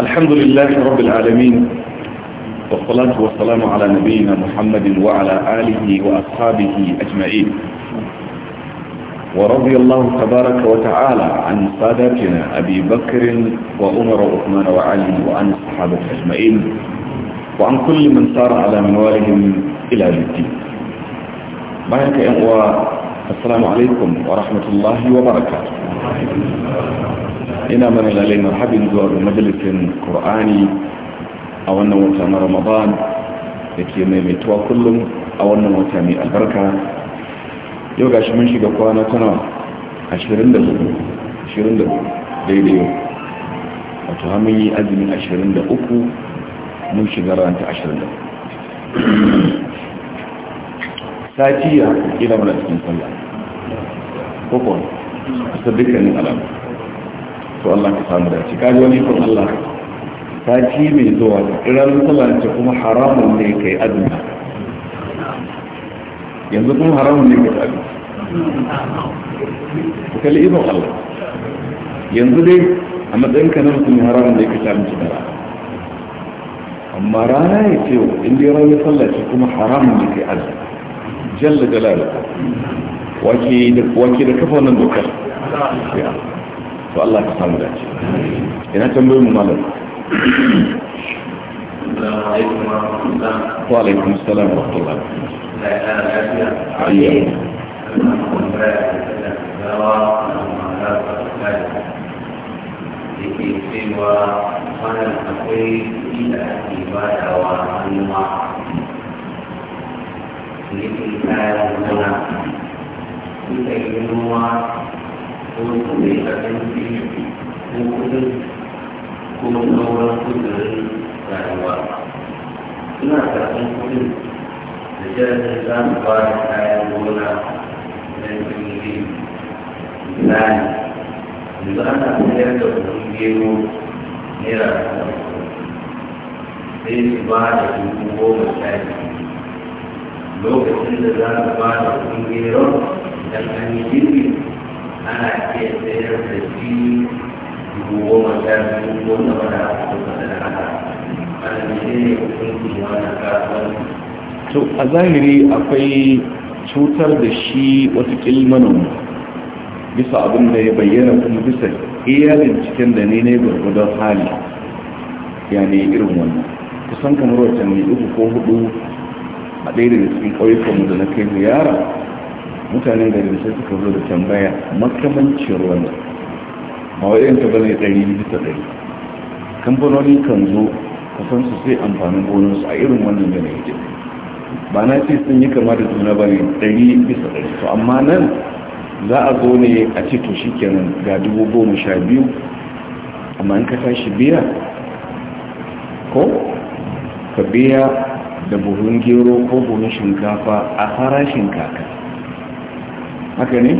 الحمد لله رب العالمين والصلاة والسلام على نبينا محمد وعلى آله وأصحابه أجمعين ورضي الله تبارك وتعالى عن سادتنا أبي بكر وأمر وعثمان وعلي وعن الصحابة أجمعين وعن كل من سار على منوالهم إلى الدين bayan ka yan uwa assalamu alaikum wa rahmatullahi wa baraka ina mana lalai marhabin zuwa ga majalisin qur'ani a wannan wata na ramadan da ke maimaituwa kullum a wannan wata mai albarka yau gashi mun shiga kwana tana 24 daidai wato hamun yi azumin 23 mun shiga ranta 24 tajiya ila kila mana cikin sallah ko ko ta dukkanin alam to Allah ka samu da shi kaji wani kun Allah sati mai zuwa iran sallah ce kuma haramun ne kai azumi yanzu kuma haramun ne kai azumi ku kalli Allah yanzu dai a matsayin ka na mutum haramun ne kai sha da amma rana ya ce in dai rauni sallah ce kuma haramun ne kai azumi jalla jalalu wake da da kafa wannan dokar to Allah ka samu dace ina tambayoyin mu malam wa alaikum assalam wa rahmatullah da yake cewa wannan akwai ila da wa hannuwa da kayan gona suka yi noma ko ko kudin ko sauran rayuwa suna kudin da jirgin za da kayan gona don jirgi yanzu ana sayar da kudin gero naira sai su ba da dubu goma sha biyu lokacin da za a ba da kuɗin gero da an jirgi girbi ana iya sayar da shi dubu goma sha biyu wanda ba da kuɗin da haka ana ne hukunci na kasuwanci. to a zahiri akwai cutar da shi wata kilmanin bisa abin da ya bayyana kuma bisa iya binciken da ne ne gwargwadon hali ya ne irin wannan kusan kamar wacce mai uku ko hudu a ɗaya daga cikin ƙauyukanmu da na kai ziyara mutanen da sai suka zo da tambaya makamancin da ba wa yanka bane ɗari bisa ɗari kamfanoni kan zo kasan su sai amfanin gonarsu a irin wannan yanayi ne ba na ce sun yi kama da juna ba ne ɗari bisa ɗari to amma nan za a zo ne a ce to shi kenan ga dubu goma sha biyu amma in ka tashi biya ko ka biya da buhun gero ko buhun shinkafa a farashin kaka haka ne?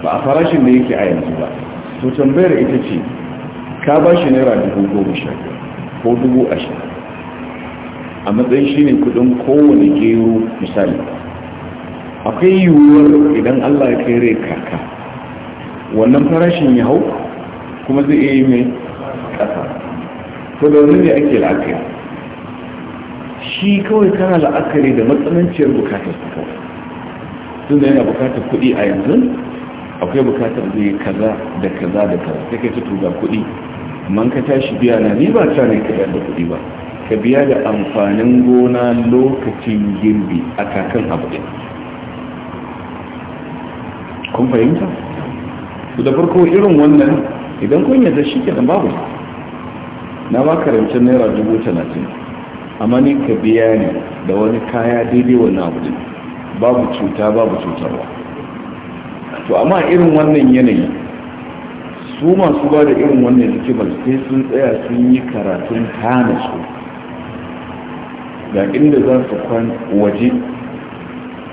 ba a farashin da yake a yanzu ba to tambayar ita ce ka ba shi naira dubu goma sha ko dubu ashirin a matsayin shi ne kudin kowane gero misali akwai yiwuwar idan allah ya kai rai kaka wannan farashin ya hau kuma zai iya yi mai ƙasa ko da wani ne ake la'akari shi kawai kana la'akari da matsananciyar bukatar su kawai tun da yana bukatar kuɗi a yanzu akwai bukatar zai kaza da kaza da kaza ta kai ta ga kuɗi man ka tashi biya na ni ba ta ne ka da kuɗi ba ka biya da amfanin gona lokacin girbi a kakan abu ɗin kun fahimta su da farko irin wannan idan kun yadda shi kenan babu na ba karancin naira dubu talatin amma ni ka biya ne da wani kaya daidai wannan abu babu cuta babu cutarwa to amma irin wannan yanayi su masu ba da irin wannan ba sai sun tsaya sun yi karatun hana su ga inda za su kwan waje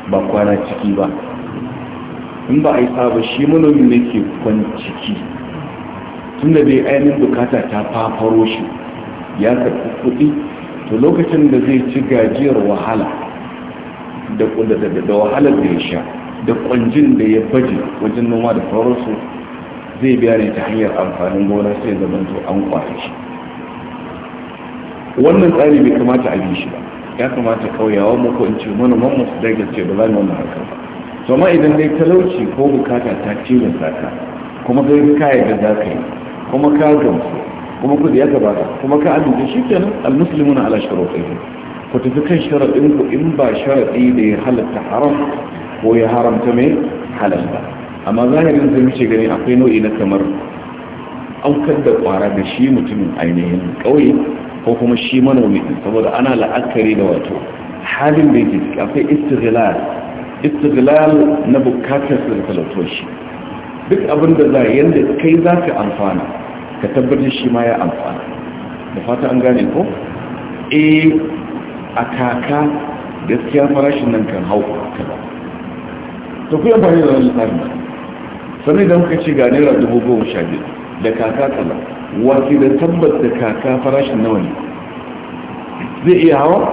ba kwana ciki ba in ba a yi saba shi manomi ne ke kwan ciki tun da dai ainihin bukata ta fafaro shi ya karɓi kuɗi to lokacin da zai ci gajiyar wahala da wahalar da ya sha da kwanjin da ya baje wajen noma da sauransu zai biya ne ta hanyar amfanin gona sai zama to an kwafi shi wannan tsari bai kamata a bi shi ba ya kamata kauyawa mu ko in ce manoman mu su daga ce ba za mu wannan ba to amma idan dai talauci ko bukata ta da saka kuma kai kaya da za yi kuma ka gamsu kuma kudi ya gabata kuma ka amince shi kenan almuslimuna ala shuruɗihim ku tafi kan sharaɗin ku in ba sharaɗi da ya halatta haram ko ya haramta mai halal ba amma zahirin zai muke gani akwai nau'i na kamar aukar da kwara da shi mutumin ainihin ƙauye ko kuma shi manomi saboda ana la'akari da wato halin da yake ciki akwai istighlal istighlal na bukatar da talautoshi duk abin da za yanda kai za ka amfana ka tabbatar shi ma ya amfana da fata an gane ko eh a kaka gaskiya farashin nan kan hau kaza to ku yan da da tsarin sannan idan kuka ce ga naira dubu goma sha biyu da kaka kaza wace da tabbat da kaka farashin nawa ne zai iya hawa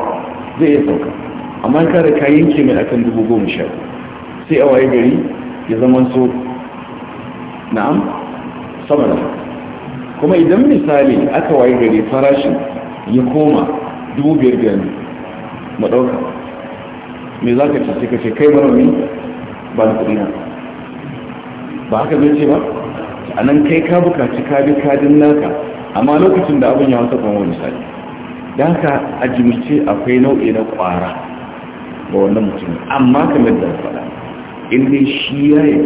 zai iya sauka amma ka da ka yanke mai akan dubu goma sha sai a waye gari ya zama so na'am sama da haka kuma idan misali aka waye gari farashin ya koma dubu biyar biyar yanzu maɗauka me za ka ce ka ce kai manomi ba da kuɗi na ba haka zai ce ba a nan kai ka bukaci ka bi kadin naka amma lokacin da abin ya wata kwanwa misali da haka a jimice akwai nau'i na ƙwara ga wannan mutum amma kamar da faɗa in dai shi ya yi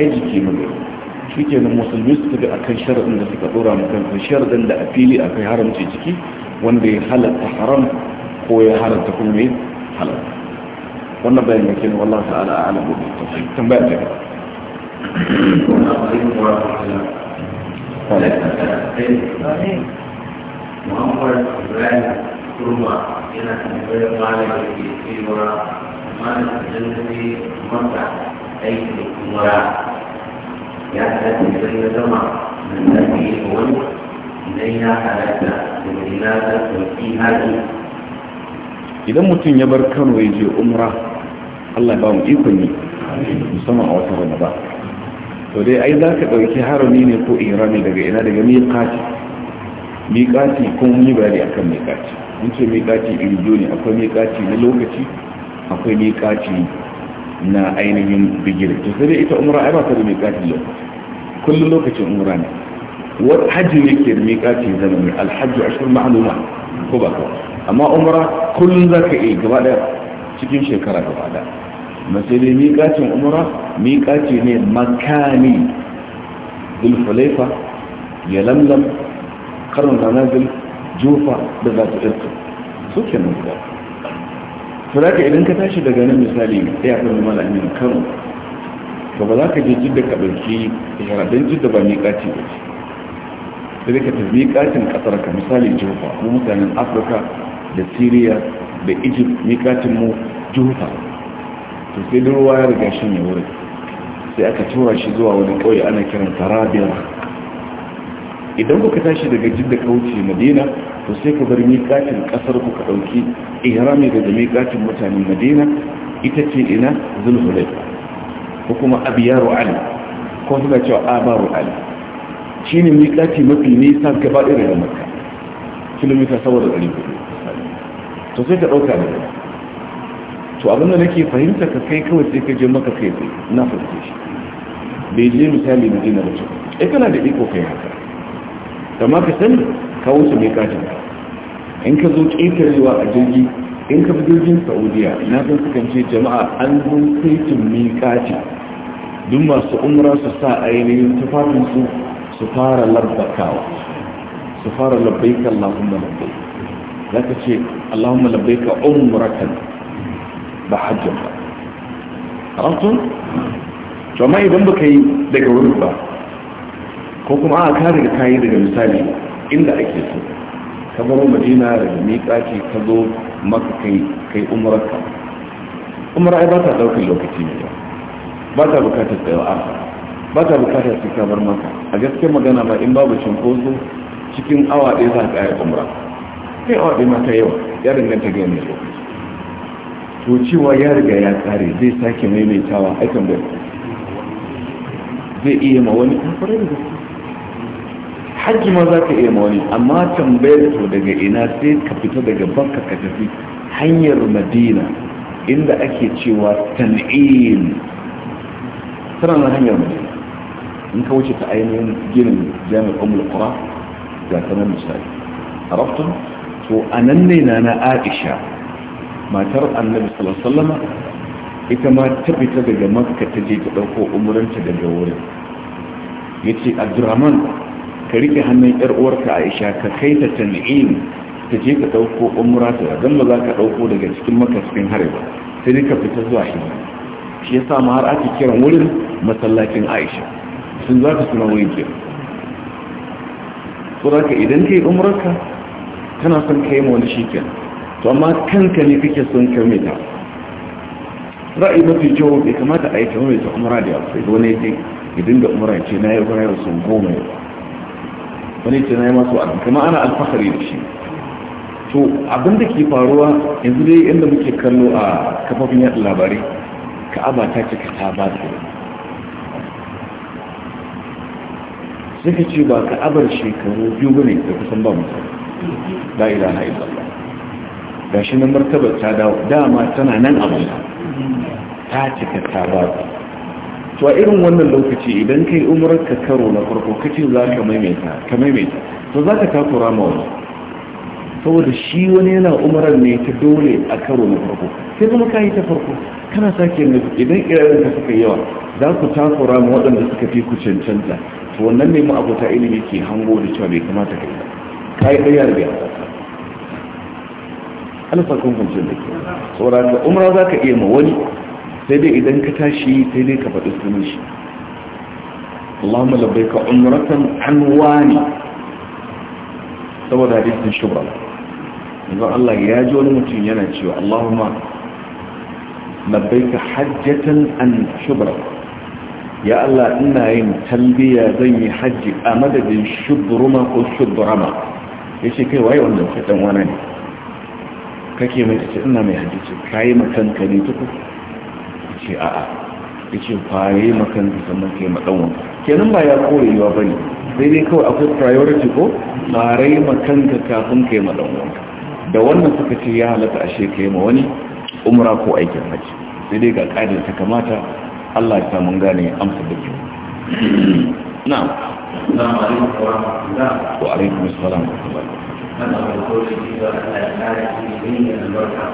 aiki jiki shike nan musulmi su ga akan sharadin da suka dora mu kan sharadin da afili fili akai haramci ciki wanda ya halatta haram ko ya halatta kuma halal wannan bayan ne kin wallahu ta'ala a'lam bi tafsir tafi tambaya ta Muhammad Ibrahim Kurma yana tambayar malam da ke cewa malam da zai mata aikin kumara ya tafi sai ya zama nan da ke yi wani idan ya halatta da mai lada sauki haƙi idan mutum ya bar kano ya je umra allah ba mu ikon yi musamman a wata rana ba. to dai ai za ka ɗauki harami ne ko irami daga ina daga miƙaci. Miƙaci ko mun yi a akan miƙaci, mun ce miƙaci iri ne akwai miƙaci na lokaci akwai miƙaci. na ainihin bigire to sai dai ita umra ai ba ta da miƙati yau kullum lokacin umra ne wani hajji ne ke da miƙati zamani alhajji ashir ma'aluma ko ba ka amma umra kullum za ka iya gaba ɗaya cikin shekara gaba ɗaya masu dai miƙacin umra miƙaci ne makani zulfulaifa ya lamlam karin ranazil jufa da za ta irka su kenan nan saboda idan ka tashi daga nan misali ya fi kan mala amin kan to ba za ka je jidda ka da ihram dan jidda ba ƙaci ba sai ka mai ƙacin kasar ka misali jufa mu mutanen afirka da syria da egypt ƙacin mu jufa to sai da ruwa ya riga shi ne wuri sai aka tura shi zuwa wani ƙauye ana kiran tarabiyar idan kuka tashi daga jidda wuce madina to sai ku bar miƙatin ƙasar ku ka ɗauki ihrami daga miƙatin mutanen madina ita ce ina zulhulaifa ko kuma abiyaru ali ko suna cewa abaru ali shi ne miƙati mafi nisa gaba ɗaya da makka kilomita da ɗari hudu to sai ka ɗauka da to abin da nake fahimta ka kai kawai sai ka je maka kai na fahimta shi bai je misali madina ba ce ai eh, kana da iko kai haka amma ka sani ka wuce mai katin in ka zo ƙetarewa a jirgi in ka fi jirgin saudiya na san sukan ce jama'a an zo saitin mai katin duk masu umra su sa ainihin tufafinsu su fara larbakawa su fara labbaika allahumma labbaik za ka ce allahumma labbaika umratan ba hajjan ba a to amma idan ka yi daga wurin ba ko kuma a ka daga kayi daga misali inda ake so ka baro madina daga miƙaci ka zo maka kai kai umarka umar ai ba ta ɗaukar lokaci ne ba ta bukatar tsayawa a ba ta bukatar su ka bar maka a gaske magana ba in babu cinkoso cikin awa ɗaya za ka yi umra kai awa ɗaya mata yawa ya danganta ga yanayi lokaci to cewa ya riga ya tsare zai sake maimaitawa aikin bai zai iya ma wani kafirai da gaske hajji ma za ka iya mawani amma tambayar to daga ina sai ka fita daga banka ka tafi hanyar madina inda ake cewa tan'in tana na hanyar madina in ka wuce ta ainihin ginin jami'ar umar kura ga sanar misali a rafton to a nan ne na na aisha matar annabi sallallahu ita ma ta fita daga makka ta je ta ɗauko umuranta daga wurin ya ce abdurrahman ka rike hannun yar uwarka aisha ka kai ta tan'im ta je ka dauko umra ta dan ba za ka dauko daga cikin makasfin hare ba sai ka fita zuwa shi shi yasa ma har ake kiran wurin masallacin aisha sun za ka suna wurin kira ka idan kai umrarka kana son kai mu wani shikenan to amma kanka ne kake son ka ta ra'ayi mafi kyau bai kamata a yi kamar mai ta umra da ya fi wani ya ce idan da umra ce na yi wani rasun goma yau wani ce na yi masu wa'azi kuma ana alfahari da shi to abin da ke faruwa yanzu dai inda muke kallo a kafafin yada labarai ka'aba ta cika ta ba da ka ce ba ka'abar shekaru biyu bane da kusan ba mutum la ba ga shi na martabar ta dawo dama tana nan abin ta cika ta ba da to a irin wannan lokaci idan kai umrar ka karo na farko kace za ka maimaita ka maimaita to za ka takura ma wani saboda shi wani yana umarar ne ta dole a karo na farko sai kuma ka yi ta farko kana sake idan irin ka suka yawa za ku takura ma waɗanda suka fi ku cancanta to wannan ne mu abota ilimi ke hango da cewa bai kamata ka yi ba ka yi ɗaya da alfa kun kunce da ke saboda umra za ka iya ma wani sai dai idan ka tashi sai dai ka faɗi sunan shi Allahumma ka umratan an wani saboda hadisin shubra yanzu Allah ya ji wani mutum yana cewa Allahumma ka hajjatan an shubra ya Allah ina yin tambiya zan yi hajji a madadin shubruma ko shubrama ya ce kai waye wanda kaɗan wani ne kake mai ce ina mai hajji ce kayi matanka ne tukuku ce a'a ya ce fare makan sannan kai maɗanwan kenan ba ya koyewa ba ne sai dai kawai akwai priority ko fare makan ka kafin kai maɗanwan da wannan suka ce ya halatta ashe kai ma wani umra ko aikin haji sai dai ga ƙadar ta kamata Allah ya samu gane amsa da kyau na'am na'am alaikum wa rahmatullah wa ne assalam wa rahmatullah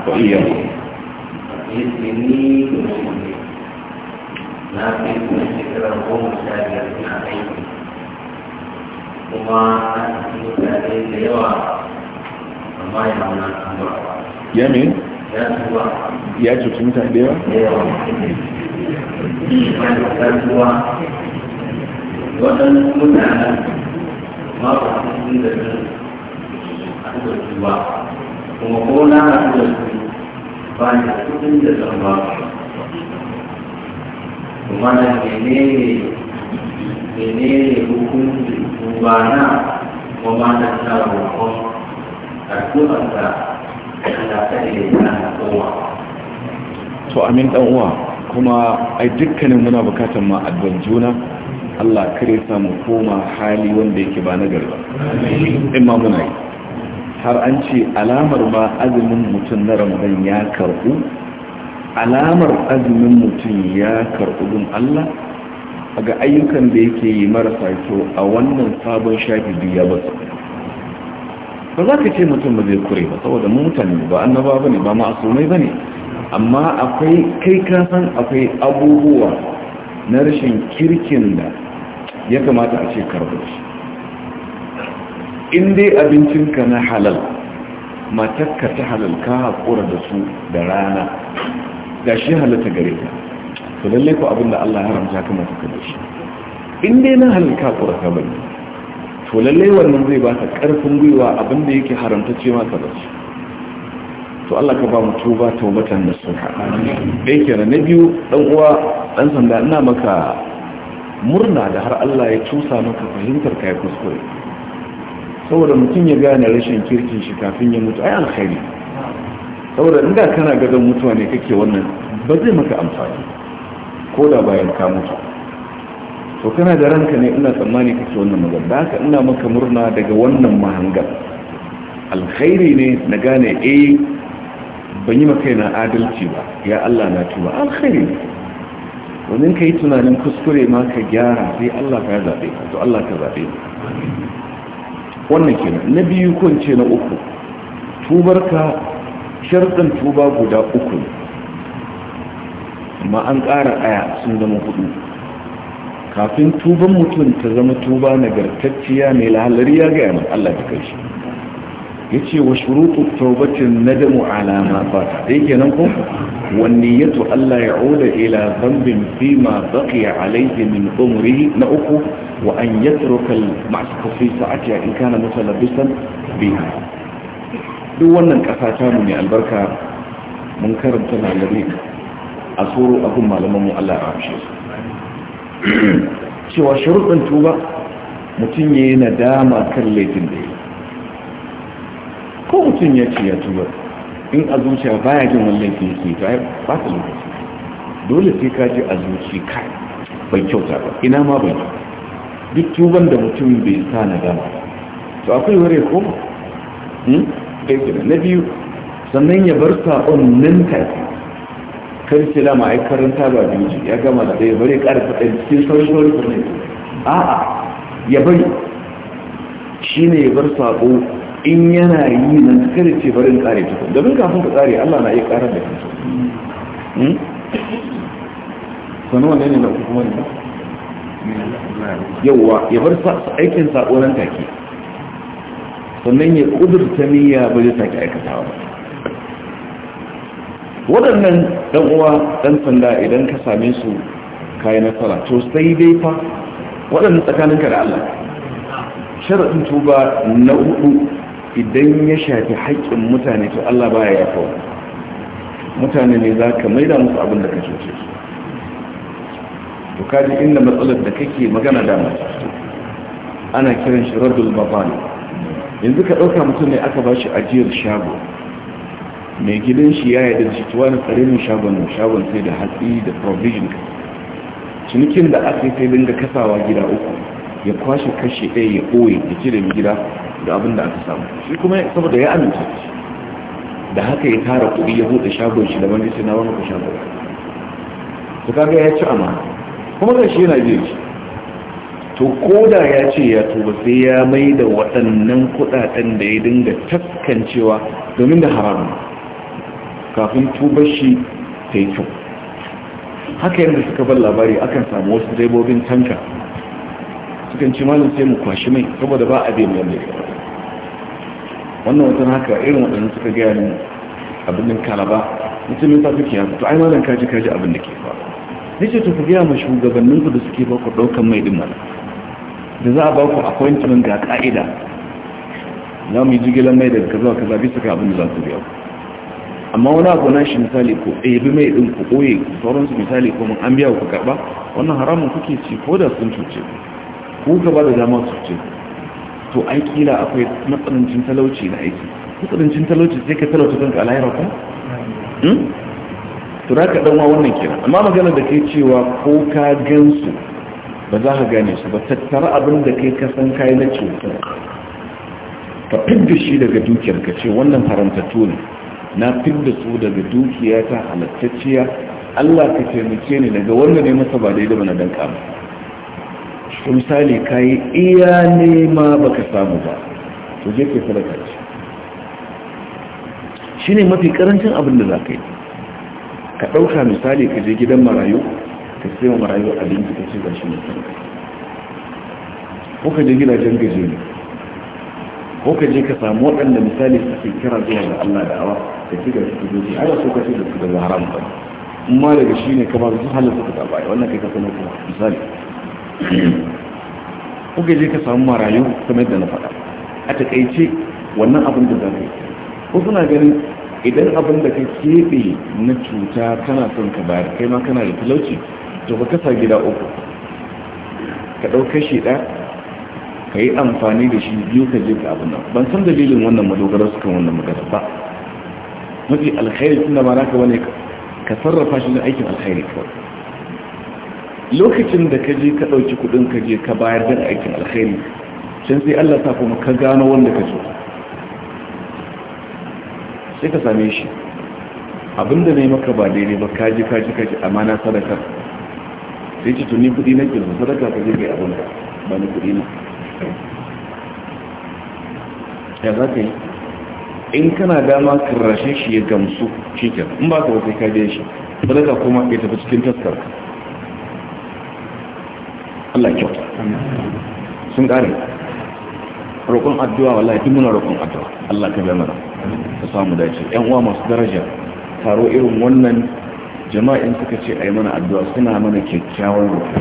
wa iyyakum musulmi ni musulmi na fi kuma shekarar goma sha biyar na aiki kuma na cikin mutane da yawa amma ya muna ya me? ya tuba ya cuci yawa? ya tuba waɗannan mutanen ma ba su da su a tuba kuma ko na ba na cikin da zan ba kuma na menene menene hukunci ba na kuma na sa roƙon addu'arka Allah ta da ya na kowa to amin dan uwa kuma ai dukkanin muna bukatar ma addu'ar juna Allah kare samu koma hali wanda yake ba na ba. in ma muna yi har an ce alamar ma azumin mutum na ramadan ya karɓu alamar azumin mutum ya karbu don allah ga ayyukan da yake yi marasa kyau a wannan sabon shafi biya ba ba za ka ce mutum ba zai kure ba saboda mutane ba annaba ba ne ba ma'asumai ba ne amma akwai kai kasan akwai abubuwa na rashin kirkin da ya kamata a ce karɓar shi in dai abincinka na halal matakka ta halal ka haƙura da su da rana da shi halatta gare ta to lalle ko abin da Allah haramta ka matakka da shi in dai na halal ka haƙura ka bane to lalle wannan zai ba ka ƙarfin gwiwa abin da yake haramta ce ma ka bashi to Allah ka ba mu tuba taubatan nasuha da yake na biyu dan uwa dan sanda ina maka murna da har Allah ya cusa maka fahimtar ka ya kuskure saboda mutum ya gane rashin kirkin shi kafin ya mutu ai alkhairi saboda inda kana gadon mutuwa ne kake wannan ba zai maka amfani ko da bayan ka mutu to kana da ranka ne ina tsammani kake wannan magana da haka ina maka murna daga wannan mahangar alkhairi ne na gane eh ban yi maka yana adalci ba ya Allah na tuba alkhairi ne Wannan ka yi tunanin kuskure ma ka gyara sai Allah ka zaɓe to Allah ka zaɓe wannan kenan na biyu ce na uku tubarka sharɗin tuba guda uku amma an ƙara aya sun zama hudu kafin tuban mutum ta zama tuba nagartacciya mai lahalari ya gaya mai Allah ta kai shi yace wa shurutu tawbatin nadamu ala ma fata dai kenan ko wanniyatu Allah ya'uda ila zambin fi ma a alayhi min umri na uku wa an yatruka al-ma'suf fi sa'ati in kana mutalabbisan biha duk wannan kasa ta mu ne albarka mun karanta lalari a tsoro abun malaman mu Allah ya amshe su cewa shuruɗin tuba mutum yayi nadama kan laifin da ko mutum ya ce ya tuba in a zuciya baya jin wannan ke ke ta ba ta lokaci dole sai ka ji a zuci kai bai kyauta ba ina ma bai duk tuban da mutum bai sa na dama to akwai ware ko hmm? na biyu sannan ya bar saƙon nan tafi kan ce dama ai karanta ba biyu ya gama da ɗaya bari ƙara faɗin cikin sauri sauri sauri a'a ya bari shi ne ya bar saƙo in yana yi nan kada ce barin tsare kuma domin kafin ka tsare Allah na iya karar da kansu hmm? Sanuwa ne ne na uku kuma ne yauwa ya bar aikin sako nan take sannan ya kudurta niyya ba zai sake aikatawa ba waɗannan ɗan uwa ɗan sanda idan ka same su kayi nasara to sai dai fa waɗannan tsakaninka da Allah sharaɗin tuba na hudu idan ya shafi haƙƙin mutane to Allah baya ya kawo mutane ne za ka maida musu abin da ka cuce su to kaji inda matsalar da kake magana da ana kiran shi radul babani yanzu ka ɗauka mutum ne aka ba shi ajiyar shago mai gidan shi ya yadda shi tuwa na tsarinin shagon shagon sai da hatsi da provision cinikin da aka yi sai dinga kasawa gida uku ya kwashe kashe ɗaya ya ɓoye ya ce da gida da abin da aka samu shi kuma saboda ya amince da haka ya tara kuɗi ya buɗe shagon shi da wani sai na wani ku shagon su kaga ya ci amma kuma ga shi yana biyan to koda ya ce ya tuba sai ya mai da waɗannan kuɗaɗen da ya dinga taskancewa domin da haramun kafin tuba shi ta yi kyau haka yadda suka bar labari akan samu wasu daibobin tanka sukan ci malin sai mu kwashi mai saboda ba a biyan lalle wannan watan haka irin waɗannan suka gaya ni abin kalaba mutumin sa suke yanzu to ai malam kaji kaji abin da ke fa. ni ce tafi gaya ma shugabannin ku da suke ba ku ɗaukan mai ɗin da za a ba ku appointment ga ka'ida za mu yi jigilan mai daga kaza kaza bisa ga abin da za su biya amma wani abu na shi misali ko ɗebi mai ɗin ku ɓoye sauransu misali ko mun an biya ku karɓa wannan haramun kuke ci ko da sun cuce ku Ko ka ba da dama su ce to ai kila akwai matsalancin talauci na aiki matsanancin talauci sai ka talauci kanka alhairar ku hmm? to za ka ɗanwa wannan kira amma magana da kai cewa ko ka gansu ba za ka gane su ba tattara abin da kai ka san kayi na cutar ka fidda shi daga dukiyar ka ce wannan farantattu ne na fidda su daga dukiya ta halattacciya Allah ka taimake ni daga wannan ne masa ba daidai ba na dan kama ko misali ka yi iya nema baka samu ba to je ke sadaka ce shi ne mafi karancin abin da za ka yi ka ɗauka misali ka je gidan marayu ka sai wa marayu abinci ka ce ga shi ne sadaka ko ka je gidajen gaje ne ko ka je ka samu waɗanda misali ke kira zuwa ga Allah da awa ka ci gaba su ku zuci ana so ka ce da su daga haram ba amma daga shi ne kamar su halatta ka ba wannan kai ka sanar kuma misali kuka je ka samu marayu kamar yadda na faɗa a takaice wannan abin da za ka yi ko suna ganin idan abin da ka keɓe na cuta kana son ka bayar kai ma kana da talauci to ba kasa gida uku ka ɗau kashi ɗaya ka yi amfani da shi biyu ka je ka abin nan ban san dalilin wannan madogarar su kan wannan magana ba mafi alkhairi tun da ma ka wani ka sarrafa shi na aikin alkhairi kawai lokacin da ka je ka ɗauki kuɗin ka je ka bayar da aikin alkhairi can sai Allah ta kuma ka gano wanda ka so sai ka same shi abinda ne maka ba daidai ba ka ka ka ji, amma amana sadaka sai ce tuni kuɗi na kirsa sadaka ka je kai abin ba ni kuɗi na ya za ka yi in kana dama karrashe shi ya gamsu shi in ba ka wata biya shi sadaka kuma ya tafi cikin taskar Allah kyauta sun gane roƙon addu'a wallahi tun muna roƙon addu'a Allah ka biya mana ta samu dace yan uwa masu daraja taro irin wannan jama'in suka ce ai mana addu'a suna mana kyakkyawan roƙo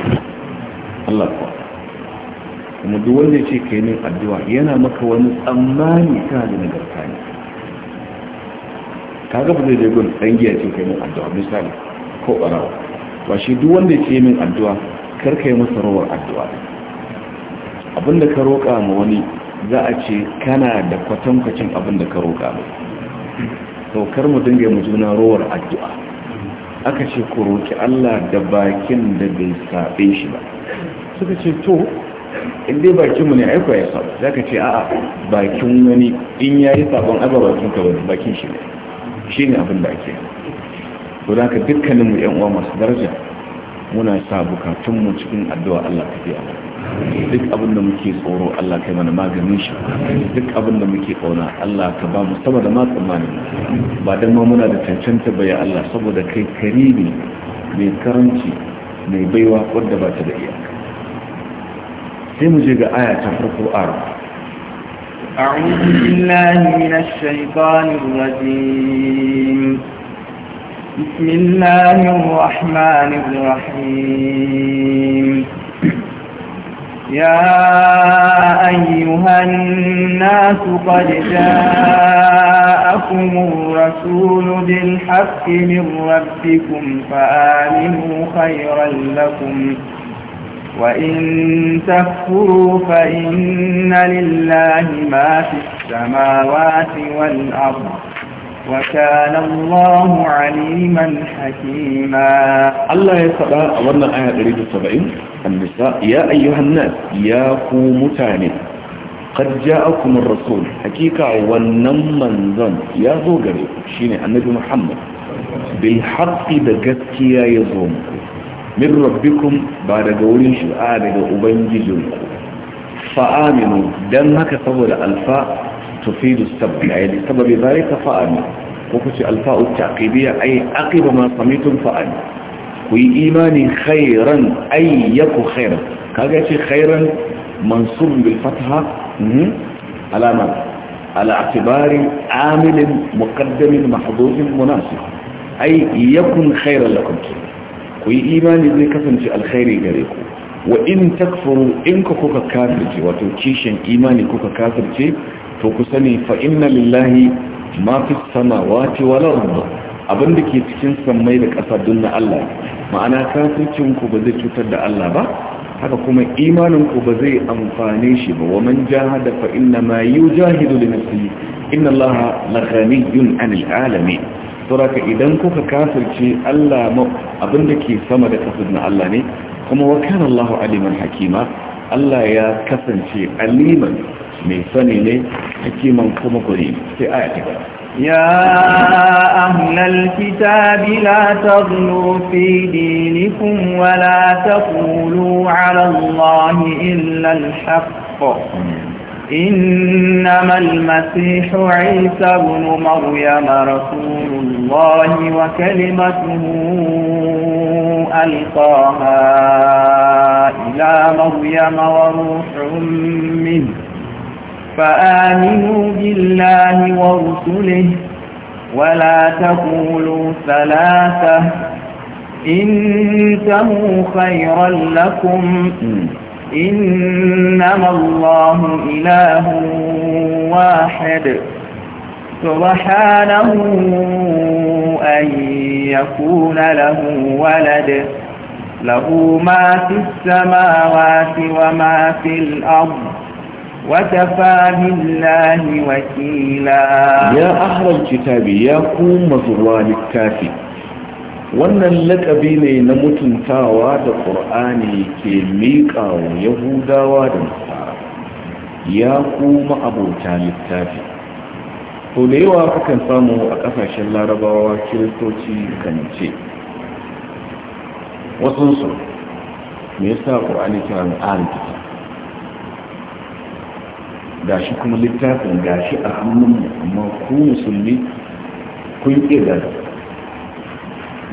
Allah kuwa kuma duk wanda ce kai min addu'a yana maka wani tsammani ka da nagarta ne ka ga da gun ɗan ce kai min addu'a misali ko ɓarawa ba shi duk wanda ce min addu'a karka yi masa rawar addu'a abinda ka roƙa ma wani za a ce kana da kwatankwacin abinda ka roƙa mai saukar mu dinga mu juna rawar addu'a aka ce ku roƙi Allah da bakin da bai saɓe shi ba suka ce to in dai bakinmu ne aiko ya saɓa za ka ce a'a bakin wani in ya yi saɓon aiba bakin ka wani bakin shi ne shi ne abin da ake to za ka dukkaninmu 'yan uwa masu daraja muna sa bukatunmu cikin addu'a Allah ka biya duk abin da muke tsoro Allah kai mana maganin shi duk abin da muke kauna Allah ka ba mu sama da ma tsammanin ba dan ma muna da cancanta baya Allah saboda kai karimi mai karanci mai baiwa wadda ba ta da iyaka sai mu je ga aya ta farko a أعوذ billahi na الشيطان الرجيم بسم الله الرحمن الرحيم يا أيها الناس قد جاءكم الرسول بالحق من ربكم فآمنوا خيرا لكم وإن تكفروا فإن لله ما في السماوات والأرض وكان الله عليما حكيما الله يسأل أولا آية 170 النساء يا أيها الناس يا قوم تاني قد جاءكم الرسول حقيقة ونمن ذن يا ذو قريب شيني النبي محمد بالحق دقتي يا يظلم من ربكم بعد قولين شبعا لك أبنجي جنكم fa'aminu don haka saboda alfa تفيد السبب أي لسبب ذلك فأنا وكش الفاء التعقيبية أي عقب ما سميتم فأنا وإيماني خيرا أي يكو خيرا كاجة خيرا منصوب بالفتحة على من على اعتبار عامل مقدم محظوظ مناسب أي يكن خيرا لكم وإيماني ذي كفن في الخير إليكم wa in takfuru in ku kuka kafirce wato kishin imani kuka kafirce to ku sani fa inna lillahi ma fi samawati wal ardh abin da ke cikin samai da ƙasa dun na Allah ma'ana kafircin ku ba zai cutar da Allah ba haka kuma imanin ku ba zai amfane shi ba wa man jahada fa inna ma yujahidu li nafsihi inna Allah la ghaniyyun 'anil 'alamin saboda idan kuka kafirce Allah abin da ke sama da ƙasa na Allah ne kuma wa kana Allahu aliman hakima Allah ya kasance aliman من sani ne hakiman kuma kuri sai يا أهل الكتاب لا تغلوا في دينكم ولا تقولوا على الله إلا الحق إنما المسيح عيسى بن مريم رسول الله وكلمته ألقاها إلى مريم وروح منه فآمنوا بالله ورسله ولا تقولوا ثلاثة إنتموا خيرا لكم إنما الله إله واحد سبحانه أن يكون له ولد له ما في السماوات وما في الأرض وكفى بالله وكيلا يا أهل الكتاب يا قوم زوال الكافي wannan lakabi ne na mutuntawa da ƙur'ani ke miƙawa yahudawa da nasara ya kuma abota littafi to da yawa akan samu a ƙasashen larabawa kiristoci kan ce wasunsu me yasa ƙur'ani kiran alkita gashi kuma littafin gashi a hannunmu amma ku musulmi kun ƙi da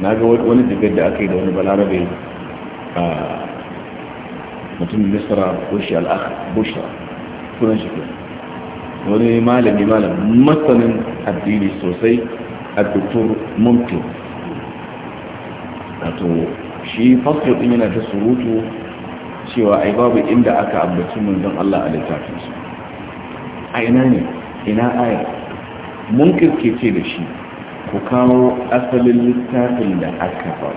na ga wani tafiyar da aka yi da wani balarabe a mutumin misra bushi al'akh bushra kunan shi wani malami malam masanin addini sosai a doktor mumkin wato shi fasfo din yana ta surutu cewa ai babu inda aka ambaci manzon Allah a littafinsu a ina ne ina aya mun ce da shi ku kawo asalin littafin da aka faru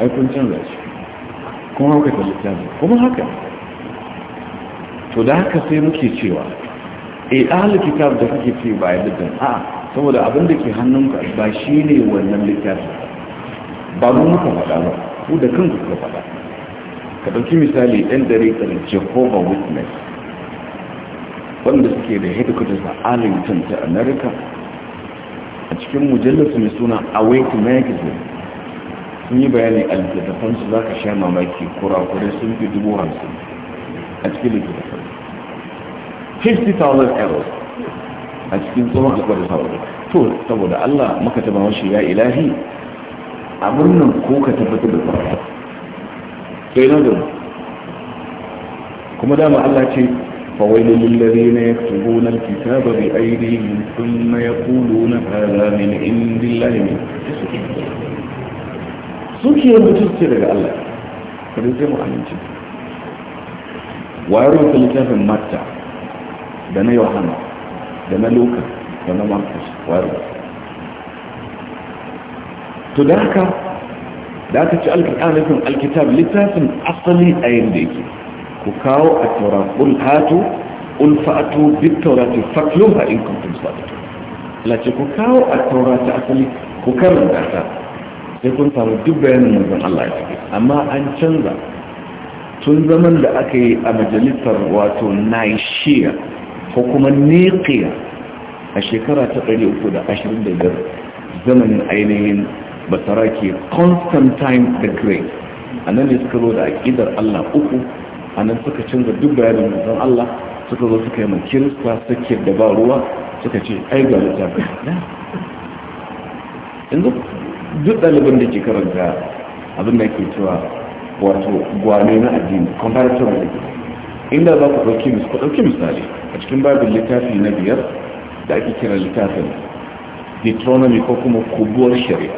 aikun canza shi kuma haka ta littafin kuma haka to da haka sai muke cewa e eh, ɗahalin kitab da kake ce ba ya littafin a saboda abin da ke ka ba shi ne wannan littafin ba mu muka faɗa ba ku da kanku ka faɗa ka ɗauki misali ɗan dare ɗan jehovah witness wanda suke da headquarters a arlington ta america a cikin mujallarsu mai suna awake magazine sun yi bayani a littattafansu za ka sha mamaki kurakurai sun fi dubu hamsin a cikin littattafan 50,000 euros a cikin tsohon alkwada saboda to saboda allah maka taba mashi ya ilahi a murnan ko ka tabbatar da kwarawa sai na gaba kuma dama allah ce فويل للذين يكتبون الكتاب بأيديهم ثم يقولون هذا من عند الله سوكي يوم تسير الله فلزي مؤمنين وارو في الكتاب المتع دنا يوحنا دنا لوكا دنا مرقس وارو تدرك ذاتك الكتاب الكتاب لتاسم أصلي أين ديكي ku kawo a taura kul ulfa'atu kul fa'atu bit taurati fatluha in kuntum sadiqin Allah ce ku kawo a taura ta asali ku karanta ta sai kun samu duk bayanin manzon Allah ya amma an canza tun zaman da aka yi a majalisar wato Na'ishiya ko kuma Niqiya a shekara ta 325 zamanin ainihin basarake Constantine the Great a nan ne suka zo da aƙidar Allah uku a nan suka canza duk bayanin manzon Allah suka zo suka yi mai kirista suke da ba ruwa suka ce ai ga littafi yanzu duk ɗaliban da ke karanta abin da ke cewa wato gwane na addini comparative religion inda za ku ɗauki ku ɗauki misali a cikin babin littafi na biyar da ake kira littafin deuteronomy ko kuma kubuwar shari'a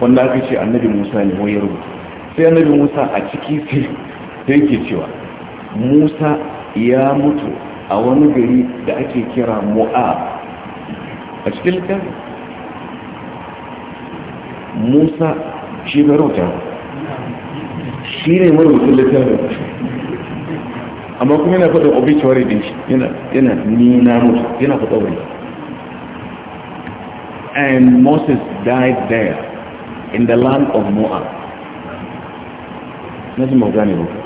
wanda aka ce annabi musa ne ya rubuta sai annabi musa a ciki sai sai ke cewa musa ya mutu a wani gari da ake kira mu'ab a cikin littafi musa shi ga rauta shi ne marubutun littafin amma kuma yana faɗin obituary din shi yana nina mutu yana faɗa wuri and moses died there in the land of moab na ji magana ne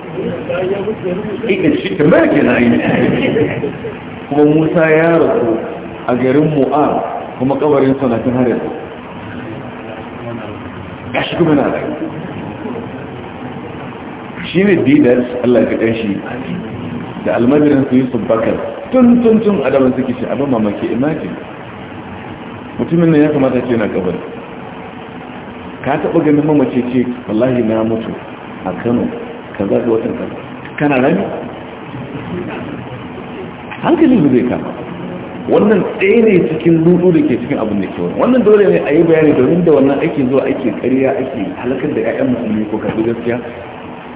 ikin shi kamar ke na yi kuma musa ya rasu a garin mu'am kuma kabarin sanatin harin ya shi kuma na rai. shi ne didas allah ka ɗanshi da almajirin su yi su bakar tun tun tun adaban suke shi abin mamaki imajin mutumin nan ya kamata ce na kabar ka taɓa ganin mamace ce wallahi na mutu a kano kaza da watan kaza kana rami hankalin da zai kama wannan tsaye ne cikin rudu da ke cikin abin da ke wani wannan dole ne a yi bayani domin da wannan ake zuwa ake karya ake halakar da 'ya'yan musulmi ko karbi gaskiya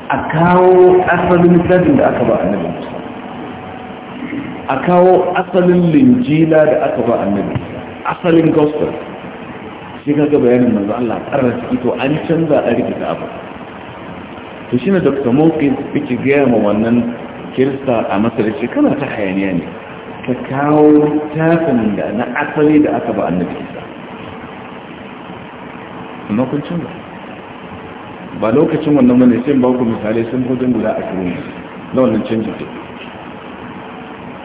a kawo asalin tsarin da aka ba annabi musa a kawo asalin linjila da aka ba annabi asalin gospel shi kaga bayanin manzo Allah karra ciki to an canza a rikita abu to shi ne dr mokin yake gaya ma wannan kirista a masarci kana ta hayaniya ne ka kawo tafin da na asali da aka ba annabi isa amma kun cin ba lokacin wannan mana sai ba ku misalai sun hudun guda a turu na wannan canji da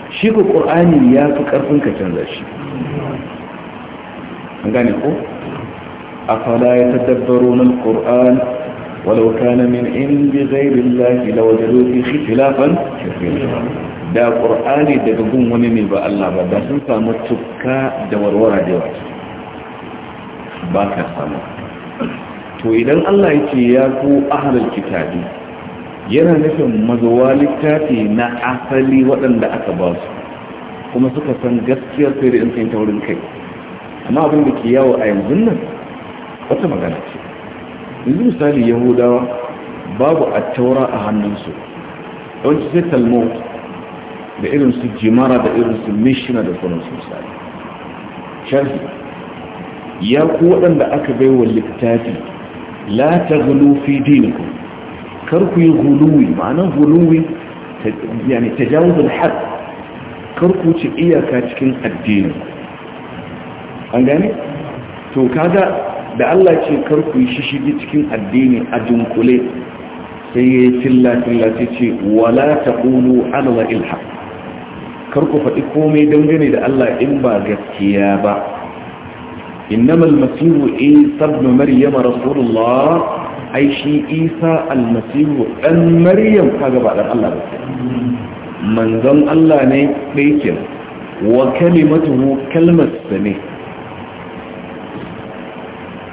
shi ku ƙur'ani ya fi ƙarfin ka canza shi an gane ko a fada ya tattabbaro na ƙorani ولو كان من عند غير الله لوجدوا فيه اختلافا كثيرا da qur'ani daga gun wani ne ba Allah ba da sun samu tukka da warwara da yawa ba ka samu to idan Allah yake ya ku ahlul kitabi yana nufin mazawa littafi na asali waɗanda aka ba su kuma suka san gaskiyar sai da in kai taurin kai amma abin da ke yawo a yanzu nan wata magana ce yanzu misali yahudawa babu a taura a hannunsu yawanci sai talmud da irin su jimara da irin su mishina da sauran su misali sharhi ya ku waɗanda aka bai wa littafi la ta gulu fi diniku kar ku yi guluwi ma'ana guluwi yani tajawuzul har, kar ku ci iyaka cikin addini an gane to kaga da Allah ce kar ku yi shishigi cikin addini a dunkule sai ya yi filla-filla ce wala ta ƙulu alwa ilha kar ku faɗi komai dangane da Allah in ba gaskiya ba innamal masihu isa ibn maryam rasulullah ai shi isa almasihu dan maryam kaga ba dan Allah ba manzon Allah ne ɗaya wa kalimatuhu kalmar ne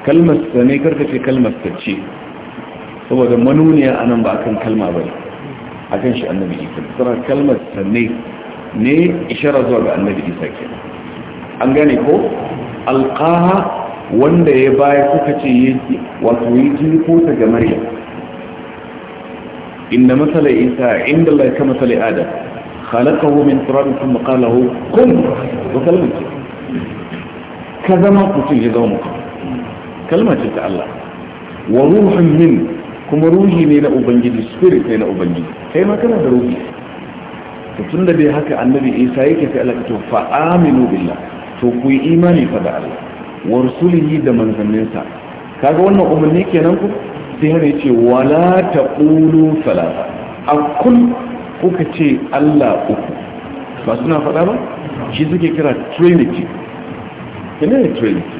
kalmar sa ne karka ce kalmar ta saboda manuniya a nan ba a kan kalma ba a kan shi annabi isa tsara kalmar sa ne ishara zuwa ga annabi isa ke an gane ko alƙaha wanda ya baya kuka ce yake wato yi ko ta ga maryam inda matsala isa inda Allah ka matsala adam khalaqahu min turabin kuma qalahu kun ka zama mutum ya zama mutum kalma ce ta Allah wa ruhun min kuma ruhi ne na ubangiji spirit ne na ubangiji kai ma kana da ruhi to tun da dai haka annabi isa yake sai Allah to fa aminu billah to ku yi imani fa da Allah wa rusulihi da manzanninsa kaga wannan umarni kenan ku sai har yace wala taqulu salasa akul kuka ce Allah uku ba suna faɗa ba shi suke kira trinity kenan ne trinity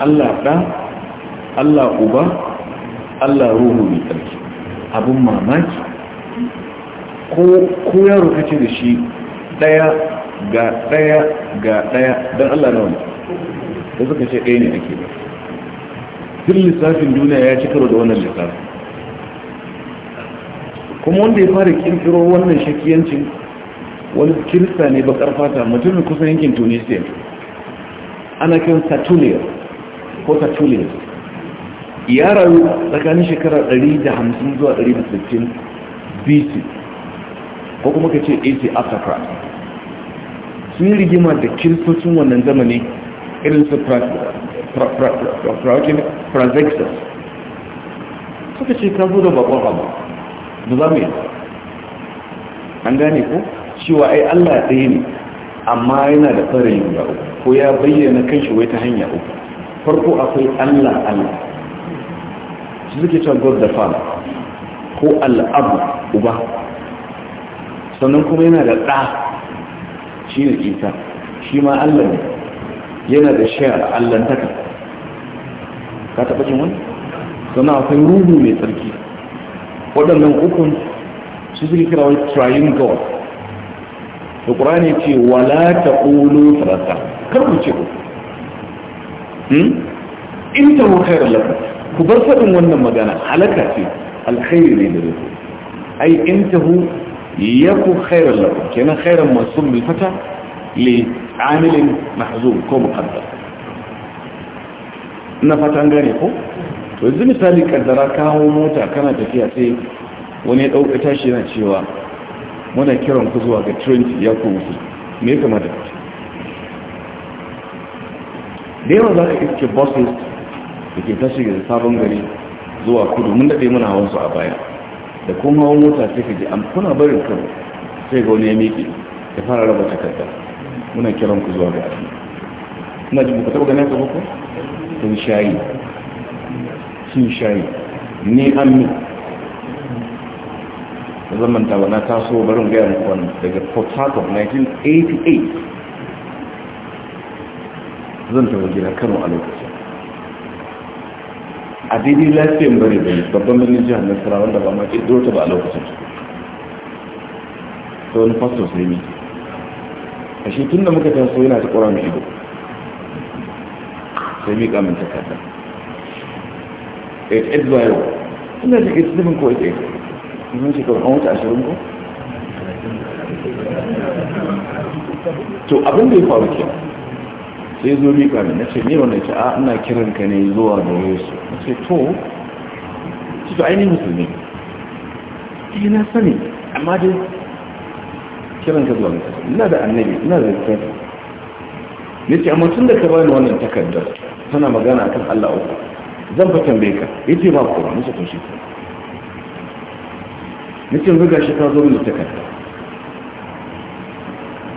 Allah ɗa Allah uba Allah ruhu mai tsarki abin mamaki ko yaro ka da shi ɗaya ga ɗaya ga ɗaya don Allah na wani da suka ce ɗaya ne ake ba Fil lissafin duniya ya ci karo da wannan lissafin kuma wanda ya fara kirkiro wannan shakiyancin wani kirista ne bakar fata mutumin kusan yankin tunisia ana kyan satuliyar ko tertullian ya rayu tsakanin shekarar 150 zuwa 160 bc ko kuma ka ce 80 after christ sun yi rigima da kiristocin wannan zamani irin su transexus suka ce ka zo da bakon abu da za mu yi an gane ko cewa ai allah ɗaya ne amma yana da farin yi uku ko ya bayyana kan shi wai ta hanya uku farko akwai allah allah su suke cewa god the father ko al'abu uba sannan kuma yana da ɗa shi ne isa shi ma allah ne yana da shayar allantaka ka taɓa cin wani sannan akwai ruhu mai tsarki waɗannan ukun su suke kira wani trying god da ƙura ne ce wala ta ƙolo sarasa kar ku ce uku in ta da lafa ku bar faɗin wannan magana halaka ce alkhairi ne da rufu ai in ta hu ya ku khairar lafa kenan khairar masu mulfata le amilin mahzum ko muqaddar na fatan gane ko to yanzu misali kaddara kawo mota kana tafiya sai wani ya ɗauka tashi yana cewa muna kiran ku zuwa ga 20 ya ku musu me ya kamata ka da yawa za ka iske buses da ke tashi da sabon gari zuwa kudu mun daɗe muna hawan su a baya da kuma hawan mota sai ka ji an kuna barin kano sai ga wani ya miƙe ya fara raba takarda muna kiran ku zuwa ga addini ina ji bukata ganin ka boko sun shayi sun shayi ni an mi zaman tawa na taso barin gaya mukwan daga port harcourt 1988 zan tafi gida kano a lokacin a daidai lafiyan bari da babban birnin jihar nasara wanda ba ma ƙirƙiro ta ba a lokacin ta wani fasto sai ne a shi tun da muka taso yana ta ƙura mai ido sai miƙa min takarda 8 by yau ina ta ke tsibirin ko 8 ina shekaru an wata ashirin ko to abin da ya faru kenan sai zo riƙa ne na ce ne wanda ce a ah, ina kiran ka ne zuwa da yesu na ce to ci to ainihin musulmi ne na sani amma dai kiran ka zuwa da ina da annabi ina da zai ne ce amma tun da ka bani wannan takardar tana magana akan allah uku zan fa tambaye ka ya ce ba kowa nisa kun shi ka na ce zuga shi ta zo mini takardar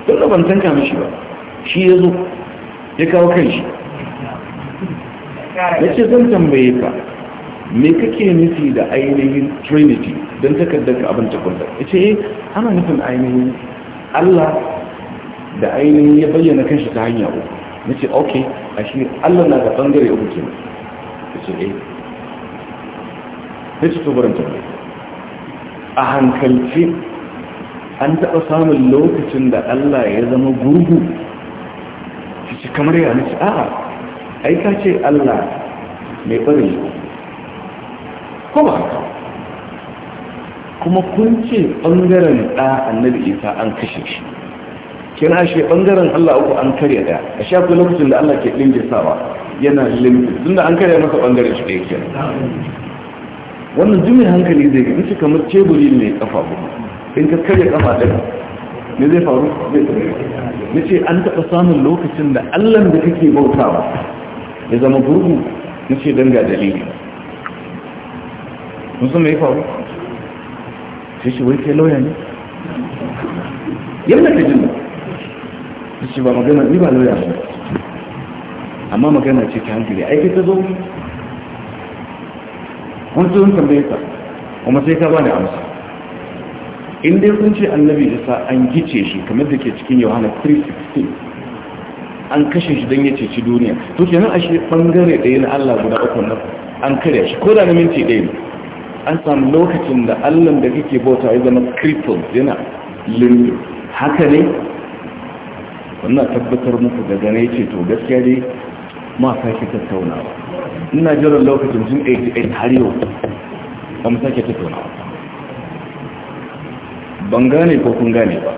duk da ban tanka mishi ba shi ya zo ya kawo kan shi ya ce zan tambaye ka me kake nufi da ainihin trinity don takardar ka abin takardar ya ce eh, ana nufin ainihin allah da ainihin ya bayyana kanshi ta hanya uku na ce ok a shi allah na da bangare uku ke ya ce eh ya ce tuburan tambaye a hankalci an taɓa samun lokacin da allah ya zama gurgu shi kamar yana ci a'a ai ka ce Allah mai barin ko ba haka kuma kun ce bangaren da annabi Isa an kashe shi kina shi bangaren Allah uku an karya da a shafi lokacin da Allah ke dinge sawa yana limfi tunda an karya masa bangaren shi da yake wannan jimin hankali zai ga kamar teburi mai kafa in ka karya kafa ɗaya ne zai faru zai tafi ya ce an taɓa samun lokacin da allan da kake bautawa ya zama gurgu na ce danga dalili musu mai faru sai shi wai kai lauya ne yadda ka jin da ta ce ba magana ni ba lauya ba amma magana ce ta hankali aiki ta zo wani tsohon tambaye ka kuma sai ka ba ni amsa in dai kun ce annabi isa an gice shi kamar da ke cikin yohana 3:16 an kashe shi don ya ceci duniya to kenan ashe bangare ɗaya na allah guda uku nan an karya shi ko da na minti ɗaya ne an samu lokacin da allan da kake bauta ya zama crippled yana lullu haka ne wannan tabbatar muku da gane ce to gaskiya dai ma sake tattaunawa ina jiran lokacin jin 88 har yau ba mu sake tattaunawa ban gane ko kun gane ba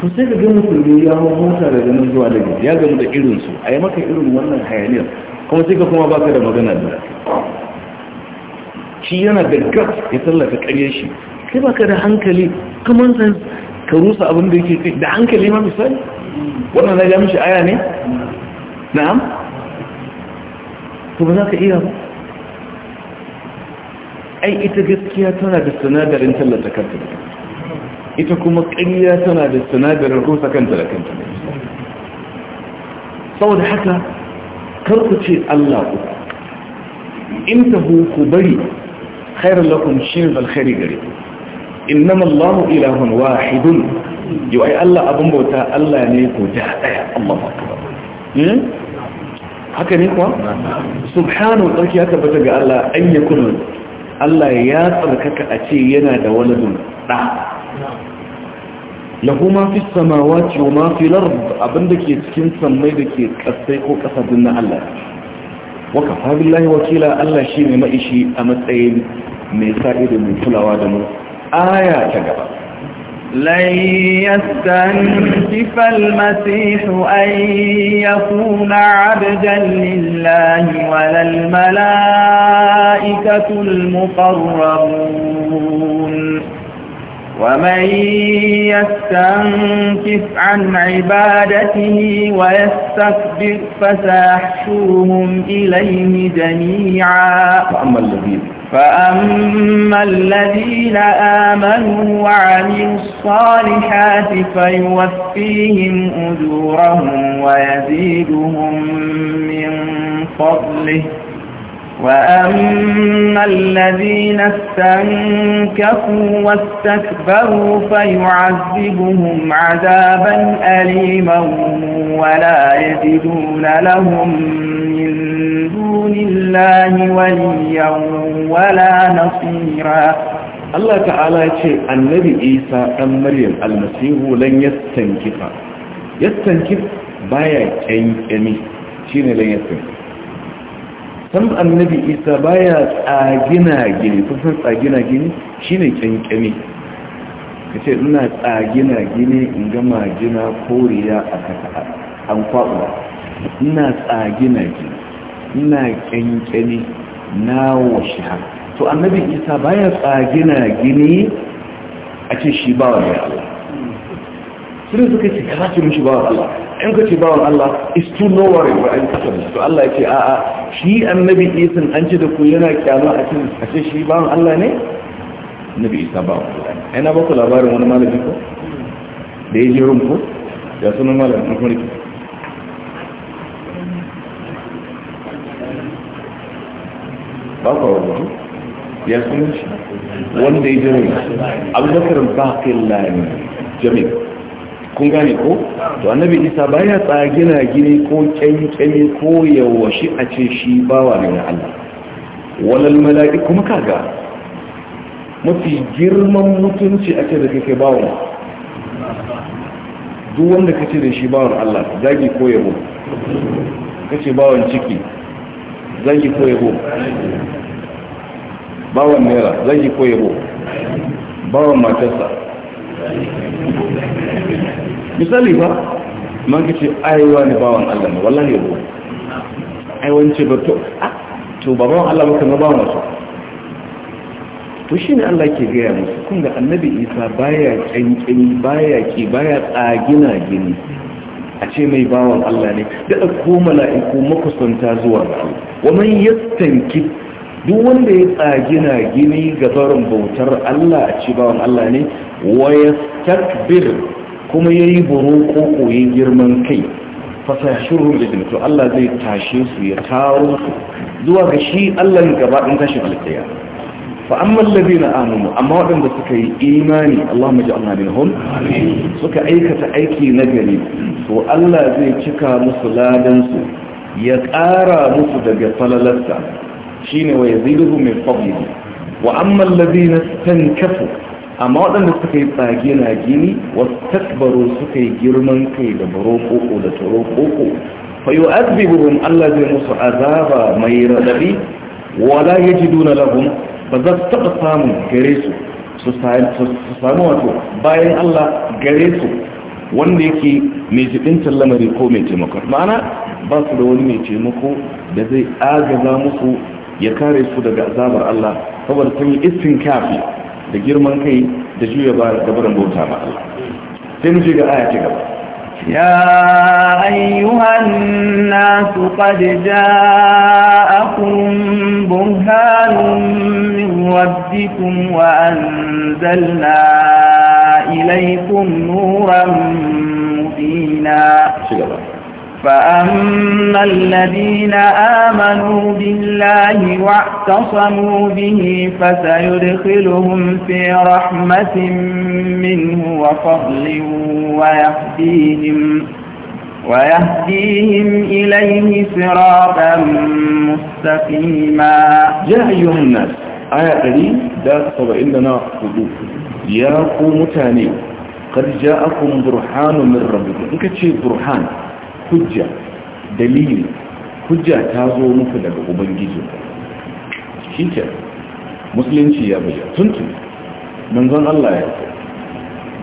to sai ka ga ne ya hau mota da ganin zuwa gani ya gamu da irinsu a yi maka irin wannan hayaniyar kuma sai ka kuma ba ka da magana da shi yana da gas ya tallata karye shi sai ka da hankali kamar san ka rusa abin da yake fi da hankali ma misali wannan na ya mishi aya ne na'am to ba za ka iya ba ai ita gaskiya tana da sinadarin tallata kanta ita kuma ƙarya tana da sinadarin rusa kanta da kanta saboda haka karku ce Allah ku in tahu ku bari khairar lakum shi ne alkhairi gare innama Allah ilahun wahidun yau ai Allah abin bauta Allah ne ku da ɗaya Allah akbar hmm? haka ne kuwa subhanahu tsarki haka bata ga Allah an yakun Allah ya tsarkaka a ce yana da waladun da له ما في السماوات وما في الأرض أبن يسكن سميدك سمي دك يتكسيقو قصدنا الله وكفى بالله وكيلا الله شيء ما إشي أمتعين ميسائر من كل وادم آيات جبا لن يستنكف المسيح أن يكون عبدا لله ولا الملائكة المقربون ومن يستنكف عن عبادته ويستكبر فساحشوهم إليه جميعا فأما الذين فأما الذين آمنوا وعملوا الصالحات فيوفيهم أجورهم ويزيدهم من فضله وأما الذين استنكفوا واستكبروا فيعذبهم عذابا أليما ولا يجدون لهم من دون الله وليا ولا نصيرا الله تعالى يقول النبي إيسى أم مريم المسيح لن يستنكف يستنكف بايا كين أمي شين لن يستنكف san annabi isa baya tsagina gini kusan tsagina gini shine kyankyami ka ce ina tsagina gini in ga majina koriya a kasa an kwaɓuwa ina tsagina gini ina kyankyami na washe ha to annabi isa baya tsagina gini a ce shi bawa ne Allah sun suka ce kasa ce mishi bawa Allah in ka ce bawan Allah is too no worry ba an kasar to Allah ya ce a'a shi annabi isin an ce da ku yana kyama a cikin a ce shi bawan Allah ne annabi isa bawan Allah ne ina ba ku labarin wani malami ko da ya je rum ko ya sunan malamin kuma rike ba ku rubutu ya sunan shi wanda ya je rum abubakar bakillani jami'a kun gane ko to annabi isa baya tsagina gine ko kyankyami ko yawashi a ce shi bawa ne na allah walal mala'i kuma kaga mafi girman mutunci a ce da kake bawa duk wanda ka ce da shi bawan allah zagi ko yabo ka ce bawan ciki zagi ko yabo bawan naira zagi ko yabo bawan matarsa misali ba manke ka ce aiwa ne bawan Allah ne wallahi yabo aiwance ba to to ba bawan Allah ba kuma bawan wasu to shi ne Allah ke gaya musu kun ga annabi isa baya kyankyani baya ke baya tsagina gini a ce mai bawan Allah ne daɗa ko mala'iku makusanta zuwa ga Allah wa man duk wanda ya tsagina gini ga barin bautar Allah a ce bawan Allah ne wa yastakbir kuma yayi buruku ko koyi girman kai fasashurun lidin to Allah zai tashe su ya taro su zuwa ga shi Allah ne gaba ɗin tashin alƙiya fa amma alladhina amanu amma waɗanda suka yi imani Allahumma ja'alna minhum suka aikata aiki na gari to Allah zai cika musu ladan su ya ƙara musu daga falalarsa shine wa yaziduhum wa amma alladhina stankafu amma waɗanda suka yi tsage na gini wasu takbaro suka yi girman kai da baro da taro koko fayo azibuhum Allah zai musu azaba mai raɗaɗi wala ya ji duna ba za su taɓa samun gare su su sami wato bayan Allah gare su wanda yake mai jibintar lamari ko mai taimako ma'ana ba su da wani mai taimako da zai agaza musu ya kare su daga azabar Allah saboda sun yi istin kafi da girman kai da juya ba bayan gabarin bauta ba Allah sai mu ga aya ta gaba ya ayyuhan nasu qad ja'akum burhanun min rabbikum wa anzalna ilaykum nuran mubina shi gaba فأما الذين آمنوا بالله واعتصموا به فسيدخلهم في رحمة منه وفضل ويهديهم ويهديهم إليه صراطا مستقيما يا أيها الناس آية قليل ذات طبعنا قدوم يا قوم تاني قد جاءكم برهان من ربكم إنك تشيء برهان hujja dalili hujja ta zo muku daga ubangiji shi ke musulunci ya bayyana tuntun manzon Allah ya ce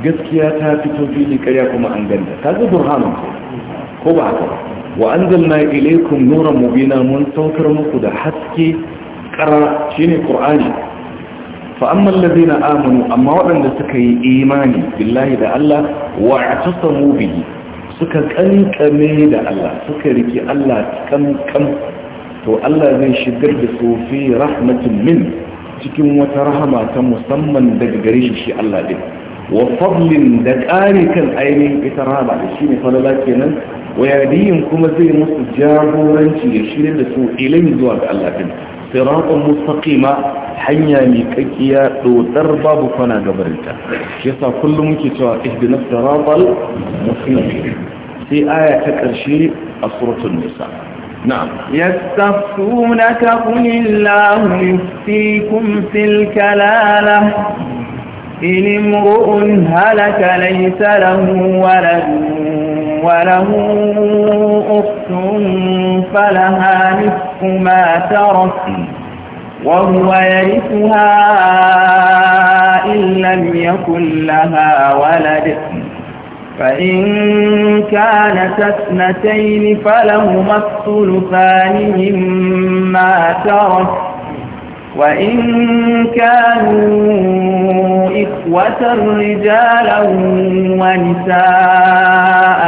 gaskiya ta fito fili karya kuma an ganta ta ga burhanun ko ba haka wa anzalna ilaykum nuran mubina mun saukar muku da haske ƙara shine qur'ani fa amma alladhina amanu amma waɗanda suka yi imani billahi da Allah wa atasamu bihi suka kankame da Allah suka riki Allah kankan to Allah zai shigar da su fi rahmatin min cikin wata rahama ta musamman daga gare shi shi Allah din wa fadlin da ƙari kan ainihin ita rahama da shi ne falala kenan wa kuma zai musu jagoranci da shirin da su ilai zuwa ga Allah din siratun mustaqima hanya mai kakkiya dotar babu kwana gabarinta shi yasa kullum muke cewa ihdinas siratal mustaqim sai aya ta karshe a suratul nisa نعم يستفتونك قل الله يفتيكم في إن امرء هلك ليس له ولد وله أخت فلها نصف ما ترك وهو يرثها إن لم يكن لها ولد فإن كانت اثنتين فلهما الثلثان مما ترك وإن كانوا إخوة رجالا ونساء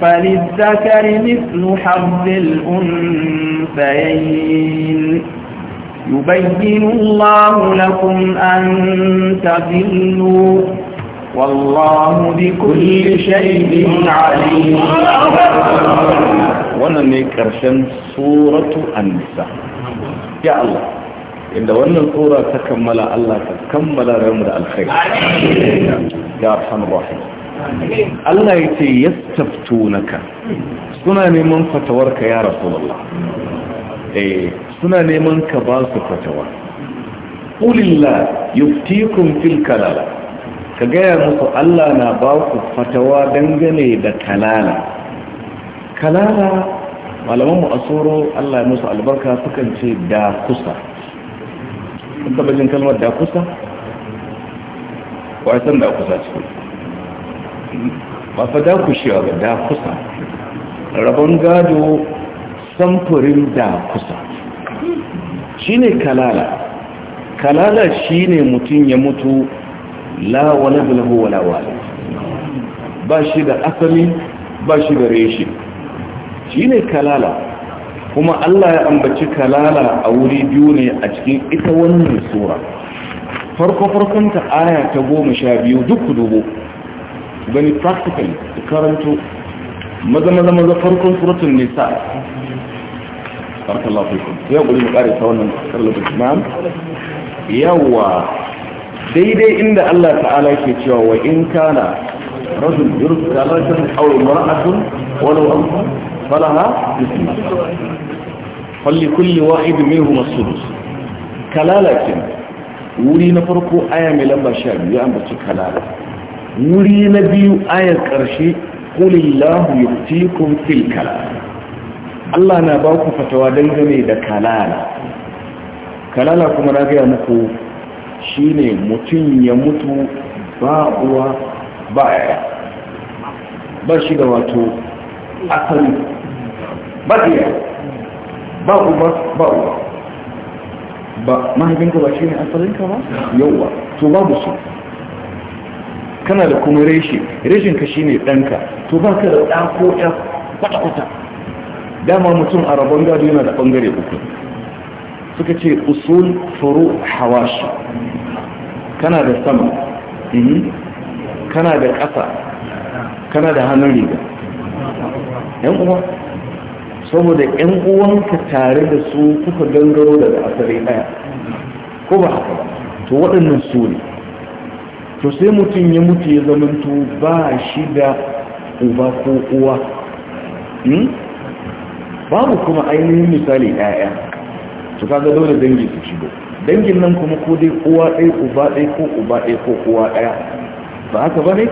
فللذكر مثل حظ الأنثيين يبين الله لكم أن تذلوا والله بكل شيء عليم وانا نكرشن سورة أنسة يا الله إذا وانا القورة تكمل الله تكمل رمض الخير يا رحمة الله الله يتي يستفتونك سنة من فتورك يا رسول الله Eh. suna neman ka ba su fatawa ƙulillah yuftikun fil kalala ka gaya musu Allah na ba ku fatawa dangane da kalala kalala malaman mu tsoro, Allah ya musu albarka sukan ce da kusa kun taɓa jin kalmar da kusa ko san da kusa ce ba fa da kushewa ba da kusa rabon gado samfurin da kusa Shi ne kalala kalala shi ne mutum ya mutu la wala bilahu wa wala ba shi da asali ba shi da reshe ne kalala kuma Allah ya ambaci kalala a wuri biyu ne a cikin ita wannan sura farko farkon ta aya ta goma sha biyu duk dubu gani practical karanto maza maza maza farkon suratun nisa barakallahu fikum yau guri mu kare ta wannan sallar imam yawa daidai inda Allah ta'ala ke cewa wa in kana rajul yursu talatan aw imra'atun walau amsa falaha mithla falli kulli wahid minhum as-sudus kalalatin wuri na farko aya mai lamba 12 ya ambaci kalala wuri na biyu ayar karshe qulillahu yuftikum fil kalala Allah na ba ku fatawa dangane da kalala kalala kuma na gaya muku shi ne mutum ya mutu ba uwa ba yaya ba shi da wato asali ba iya ba uba ba uwa ba mahaifinka ba shi ne asalinka ba yauwa to babu su kana da kuma reshe reshenka shi ne ɗanka to ba ka da ɗako ɗan kwata-kwata dama mutum a rabon gado yana da bangare uku suka ce usul furu hawashi kana da sama mhm. kana da ƙasa kana da hannun riga yan uwa saboda yan uwanka tare da su kuka gangaro daga asali ɗaya ko ba haka to waɗannan su ne to sai mutum ya mutu ya zamanto ba shi da uba ko uwa hmm? babu kuma ainihin misali ɗaya. su kaga dole dangi su shigo dangin nan kuma ko dai uwa ɗaya uba ɗaya ko uba ɗaya ko uwa ɗaya ba haka ba ne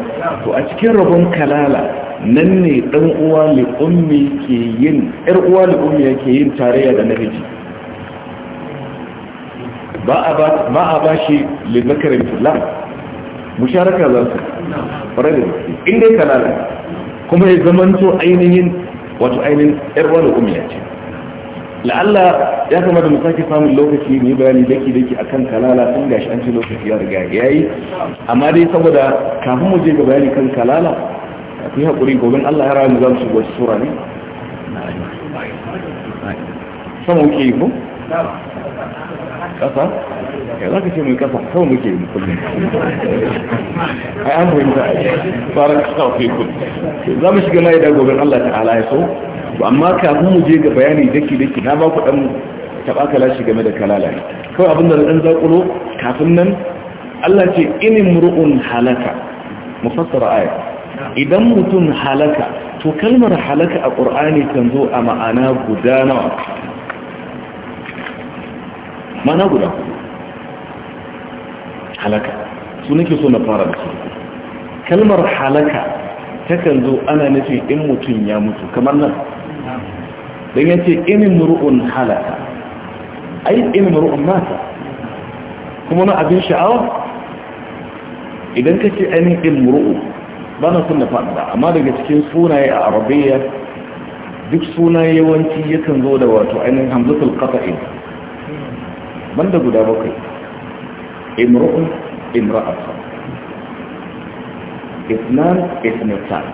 to a cikin rabon kalala nan ne ɗan uwa li'ummi ke yin ƴar uwa li'ummi ke yin tarayya da namiji ba a ba shi lizakarin islam musharaka za su Fara da gaske inda kalala kuma ya zamanto ainihin wato ainihin yar wani umiya ce la'alla ya kamata mu sake samun lokaci ne bayani daki daki akan kalala tun gashi an ce lokaci ya riga yi amma dai saboda kafin mu je ga bayani kan kalala ku yi haƙuri gobe Allah ya rawa mu zamu shigo sura ne sama yi ko ƙasa ya za ka ce mai ƙasa kawai muke yi kullum a yi amurin da ake tsarin kasa wafi kullum za mu shiga na yadda gobe allah ta'ala ya so amma kafin mu je ga bayani daki daki na ba ku ɗan taɓa shiga game da kalala kawai abin da dan ɗan zaƙulo kafin nan allah ce inin mur'un halaka mufassara aya idan mutum halaka to kalmar halaka a ƙur'ani kan zo a ma'ana guda nawa mana guda halaka su nake so na fara da su kalmar halaka takan zo ana nufin in mutum ya mutu kamar nan don yace inin muru'un halaka ai inin muru'un mata kuma na abin sha'awa idan ka ce ainihin muru'u ba na sun da faɗa amma daga cikin sunaye a arabiyyar duk sunaye yawanci yakan zo da wato ainihin hamzatul qata'i banda guda bakwai imru'un imra'atu isnan isnatan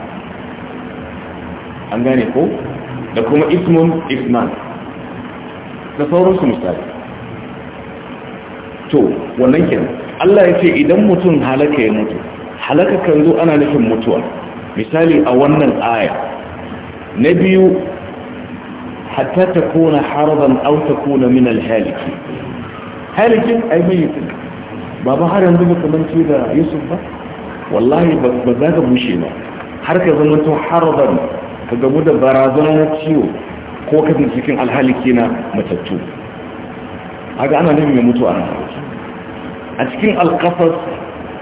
an gane ko da kuma ismun isnan da sauransu misali to wannan kenan Allah ya ce idan mutum halaka ya mutu halaka kan zo ana nufin mutuwa misali a wannan aya na biyu hatta ta kona harban auta ta kona min alhaliki halikin ai mayyitin ba ba har yanzu baka mance da yusuf ba wallahi ba za ka bushe ba har ka zama to harban ka gamu da barazana na ciwo ko ka cikin alhaliki na matattu haka ana nemi ya mutu a a cikin alkafas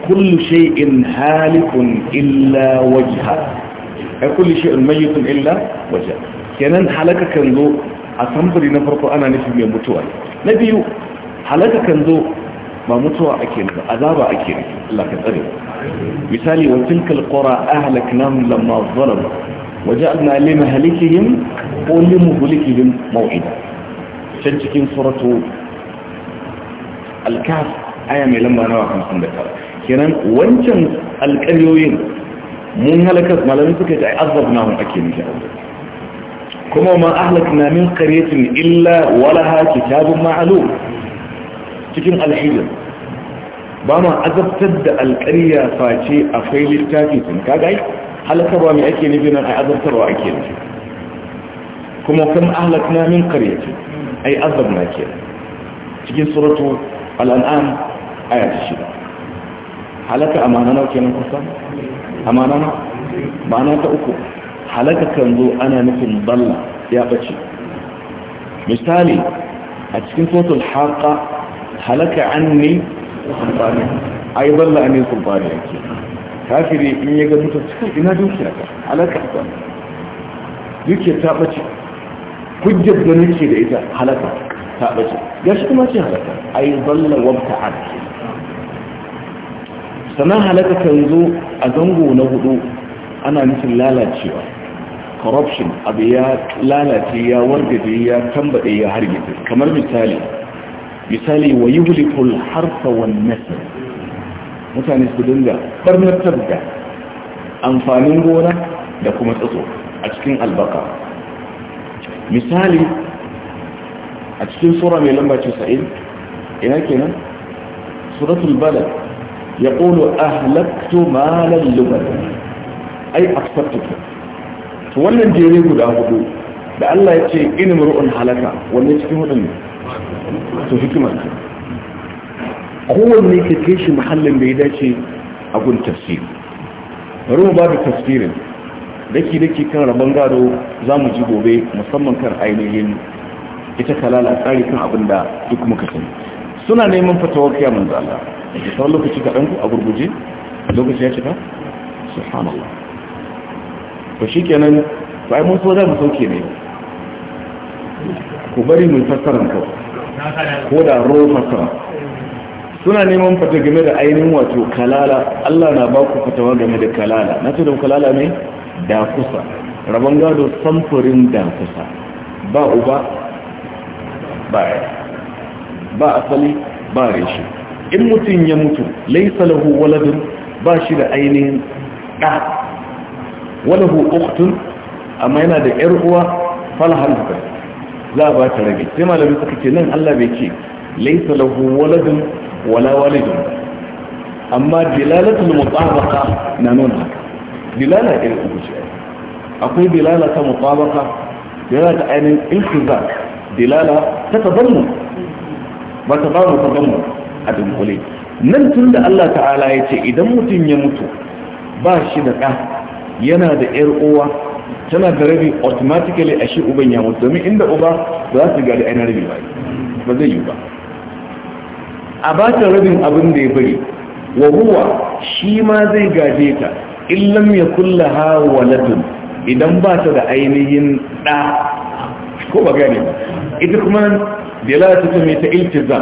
kullu in halikun illa wajha ai kullu shay'in mayyitun illa wajha kenan halaka kan zo a samfuri na farko ana nufin ya mutu mutuwa na biyu halaka kan zo ba mutuwa ake nufi azaba ake nufi Allah ka tsare misali wa tilkal qura ahlaknahum lamma zalamu wa ja'alna li mahlikihim wa li muhlikihim maw'ida can cikin suratu al-kahf aya mai lamba nawa 59 kenan wancan alƙaryoyin mun halaka malamin suka ce ai azabnahum ake nufi kuma ma ahlakna min qaryatin illa walaha kitabun ma'lum cikin alhijir ba ma azabtar da alƙarya face akwai littafi sun kagai halakarwa mai ake nufi nan a azabtarwa ake nufi kuma kan ahalakna min ƙaryaci ai azabna ke cikin suratu al'an'an aya ta shida halaka amana nau kenan kusa amana na ma'ana ta uku halaka kan zo ana nufin balla ya ɓace misali a cikin sautul haƙa halaka anni sultani ai balla anni sultani yake kafiri in ya ga mutum cikin ina dukiya ta halaka ta dukiya ta bace hujjar da nake da ita halaka ta bace ya gashi kuma ce halaka ai balla wabta anki sannan halaka kan zo a zango na hudu ana nufin lalacewa corruption abu ya lalace ya wargaje ya tambaɗe ya hargitse kamar misali misali wa yuhlikul harfa wan nasl mutane su dinga barnatar da amfanin gona da kuma tsatso a cikin albaka misali a cikin tsoron mai lamba 90 ina kenan suratul balad yaqulu ahlaktu malan lubadan ai a aksartuka to wannan jere guda hudu da Allah ya ce in ru'un halaka wannan cikin hudun ne to hikimar ce kowanne ka ke shi mahallin da ya dace a gun tafsir bari mu ba da tafsirin daki daki kan rabon gado za mu ji gobe musamman kan ainihin ita kalala tsari kan abin da duk muka sani suna neman fatawar kiyamun mun Allah da tsawon lokaci kaɗan ɗanku a gurguje A lokaci ya cika subhanallah ba shi kenan ba mun so za mu sauke ne ku bari mun fassara kawai ko da rofasa suna neman fata game da ainihin wato kalala Allah na ba ku fatawa game da kalala na ce da kalala ne da kusa rabon gado samfurin da kusa ba uba ba ba asali ba reshe. in mutum ya mutu laisa lahu waladun ba shi da ainihin da walahu uktun amma yana da ‘yar uwa falhalbar za a ba ta rabi sai malami suka ce nan Allah bai ce laisa lahu waladun wala walidun amma dilalatul mutabaqa na nuna haka dilala irin uku ce akwai dilala ta mutabaqa dilala ta ainihin iltiza dilala ta tabannu ba ta ba mu tabannu a dunkule nan tun da Allah ta'ala ya ce idan mutum ya mutu ba shi da ɗa yana da ƴar uwa tana da rabi automatically a shi uban ya mutu domin inda uba za su gari ainihin rabi ba ba zai yi ba a ba ta rabin abin da ya bari wa huwa shi ma zai gaje ta illam ya kulla ha waladun idan ba ta da ainihin ɗa ko ba gani ba ita kuma da lalata ta tume ta iltiza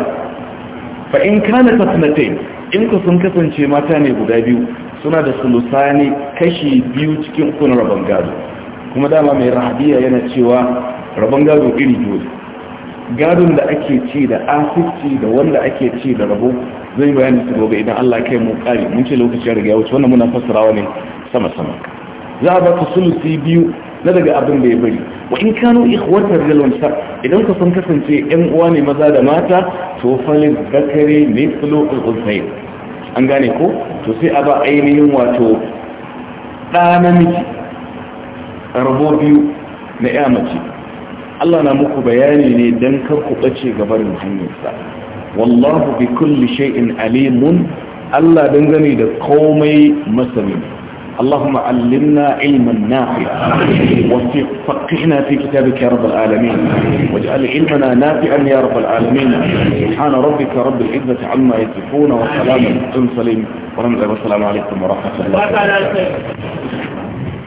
fa in kana tasnatain in ku sun kasance mata ne guda biyu suna da sulusani kashi biyu cikin uku na kuma dama mai rahabiya yana cewa rabon gado iri dole gadon da ake ci da asisti da wanda ake ci da rabo zai bayani su gobe idan Allah kai mu kare mun ce lokaci ya riga ya wuce wannan muna fassarawa ne sama sama za a baka sulusi biyu na daga abin da ya bari wa in kano ikhwatar rilwansa idan ka san kasance yan uwa ne maza da mata to falin zakare ne fulo al an gane ko to sai a ba ainihin wato ɗa namiji rabo biyu na mace Allah na muku bayani ne dan karku ɓace gabarin hanyarsa wallahu bi kulli shay'in alimun Allah dangane da komai masani Allahumma allimna ilman nafi' wa faqihna fi kitabika ya rabbal alamin waj'al ilmana nafi'an ya rabbal alamin subhana rabbika rabbil izzati amma yasifun wa salamun ala mursalin wa rahmatullahi wa barakatuh